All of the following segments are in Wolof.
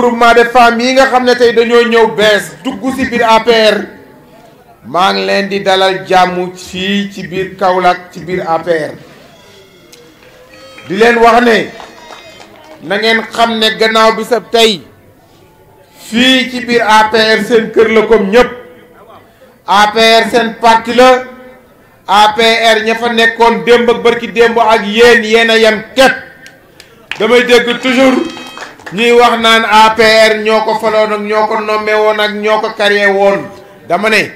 regroupement des femmes yi nga xam ne tey dañoo ñëw bees dugg ci biir APR maa ngi leen di dalal jàmm fii ci biir Kaolack ci biir APR di leen wax ne na xam ne gannaaw bi sa tey fii ci biir APR seen kër la comme ñëpp APR seen parti la APR ña fa nekkoon démb ak barki démb ak yéen yéen a yem damay dégg toujours ñuy wax naan APR ñoo ko faloon ak ñoo ko nommé woon ak ñoo ko karye woon dama ne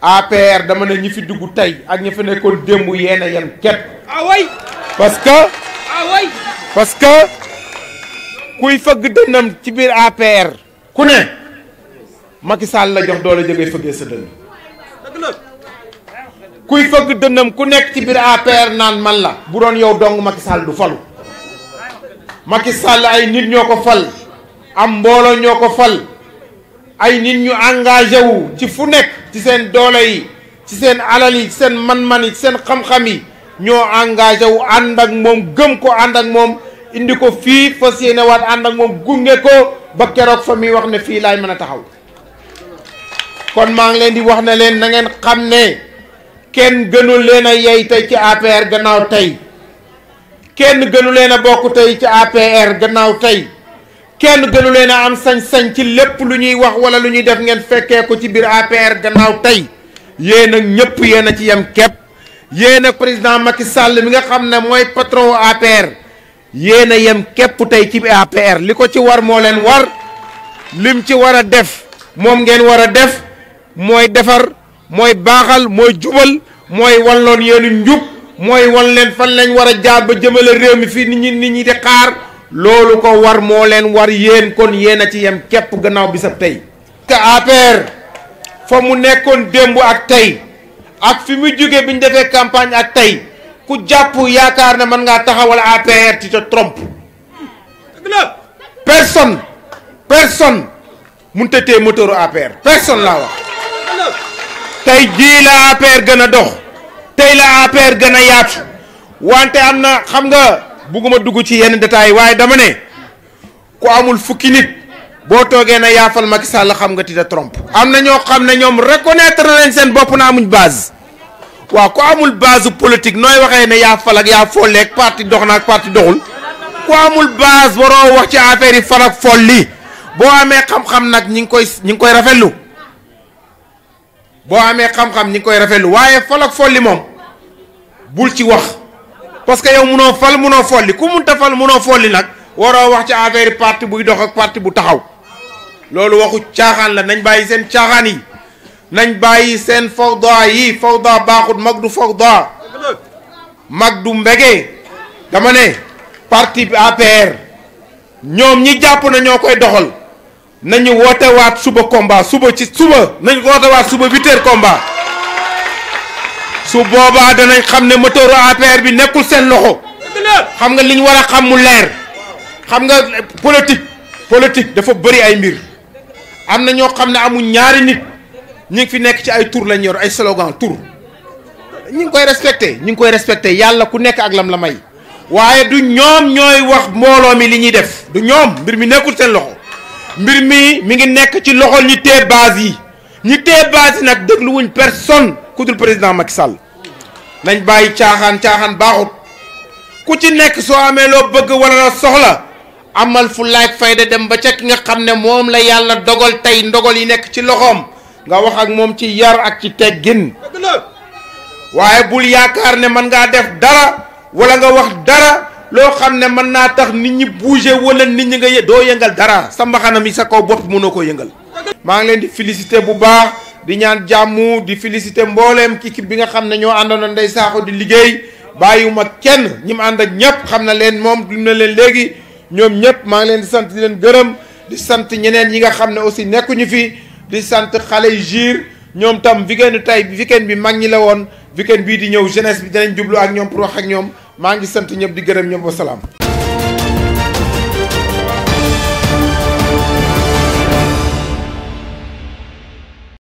APR dama ne ñi fi dugg tey ak ñi fa nekkoon démb yéen a yem képp. ah parce que. ah que kuy fëgg dënnam ci biir APR. ku ne Macky Sall la jox doole jëgee fëggee sa dënn. kuy fëgg dënnam ku nekk ci biir APR naan man la. bu doon yow dong Macky Sall du falu. Macky Sall ay nit ñoo ko fal am mbooloo ñoo ko fal ay nit ñu engagé wu ci fu nekk ci seen doole yi ci seen alal yi ci seen man-man yi ci seen xam-xam yi ñoo engagé wu ànd ak moom gëm ko ànd ak moom indi ko fii fas yéene waat ànd ak moom gunge ko ba keroog fa muy wax ne fii laay mën a taxaw kon maa ngi leen di wax ne leen na ngeen xam ne kenn gënul leen a yey tey ci APR gannaaw tey kenn gënu leen a bokk tey ci APR gannaaw tey kenn gënu leen a am sañ-sañ ci lépp lu ñuy wax wala lu ñuy def ngeen fekkee ko ci biir APR gannaaw tey yéen ak ñëpp yéen a ci yem képp yéen ak président Macky Sall mi nga xam ne mooy patron APR yéen a yem képp tey ci APR li ko ci war moo leen war lim ci war a def moom ngeen war a def mooy defar mooy baaxal mooy jubal mooy walloon yéenu njub mooy wan leen fan lañ war a jaar ba jëmale réew mi fii nit ñi nit ñi di xaar loolu ko war moo leen war yéen kon yéen a ci yem képp gannaaw bi sa tey te APR fa mu nekkoon démb ak tey ak fi mu jóge bi ñu defee campagne ak tey ku jàpp yaakaar ne mën ngaa taxawal APR ci ca trompe personne personne mun te tee moteuru APR personne laa wax tey jii la APR gën a dox tey la APR gën a yaatu wante am na xam nga bugguma dugg ci yenn détails waaye dama ne ku amul fukki nit boo toogee na yaafal Macky Sall xam nga ti da trompe. am na ñoo xam ne ñoom reconnaître nañ seen bopp na amuñ base waaw ku amul base politique nooy waxee na yaafal ak yaa folleeg parti dox na ak parti doxul ku amul base waroo wax ci affaire yi farak folli boo amee xam-xam nag ñi ngi koy ñi ngi koy rafetlu. boo amee xam-xam ñi ngi koy rafetlu waaye fal ak folli moom bul ci wax parce que yow munoo fal munoo folli ku munta fal munoo folli nag waroo wax ci affaire parti buy dox ak parti bu taxaw loolu waxu caaxaan la nañ bàyyi seen caaxaan yi nañ bàyyi seen fawda yi fawda baaxut mag du fawda mag du mbege dama ne parti bi APR ñoom ñi jàpp na ñoo koy doxal nañu woote waat suba combat suba ci suba nañu woote waat suba huit komba combat su boobaa danañ xam ne moteuru APR bi nekkul seen loxo xam nga li ñu war a xam mu leer xam nga politique politique dafa bëri ay mbir am na ñoo xam ne amuñ ñaari nit ñi ngi fi nekk ci ay tour lañ yor ay slogan tour ñi ngi koy respecté ñi ngi koy respecté yàlla ku nekk ak lam la may waaye du ñoom ñooy wax mbooloo mi li ñuy def du ñoom mbir mi nekkul seen loxo mbir mi mi ngi nekk ci loxol ñi tee base yi ñi tee base yi nag wuñ personne ku dul président Macky Sall nañ bàyyi caaxaan caaxaan baaxut ku ci nekk soo amee loo bëgg wala la soxla amal fu laaj fayda dem ba ca ki nga xam ne moom la yàlla dogal tey ndogal yi nekk ci loxoom nga wax ak moom ci yar ak ci teggin waaye bul yaakaar ne mën ngaa def dara wala nga wax dara loo xam ne mën naa tax nit ñi bouger wala nit ñi nga doo yëngal dara sa mbaxana mi sa kaw bopp mënoo koo yëngal. maa nga leen di félicité bu baax di ñaan jàmm di félicité mbooleem équipe bi nga xam ne ñoo àndoona Ndeye Sakho di liggéey bàyyiwuma kenn ñi mu ànd ak ñëpp xam na leen moom du na leen léegi ñoom ñëpp maa ngi leen di sant leen gërëm di sant ñeneen ñi nga xam ne aussi nekkuñu fi di sant xale yi jiir ñoom tam weekend tey weekend bi mag ñi la woon weekend bii di ñëw jeunesse bi danañ jublu ak ñoom pour ak ñoom. maa ngi sant ñëpp di gërëm ñëpp wa salaam.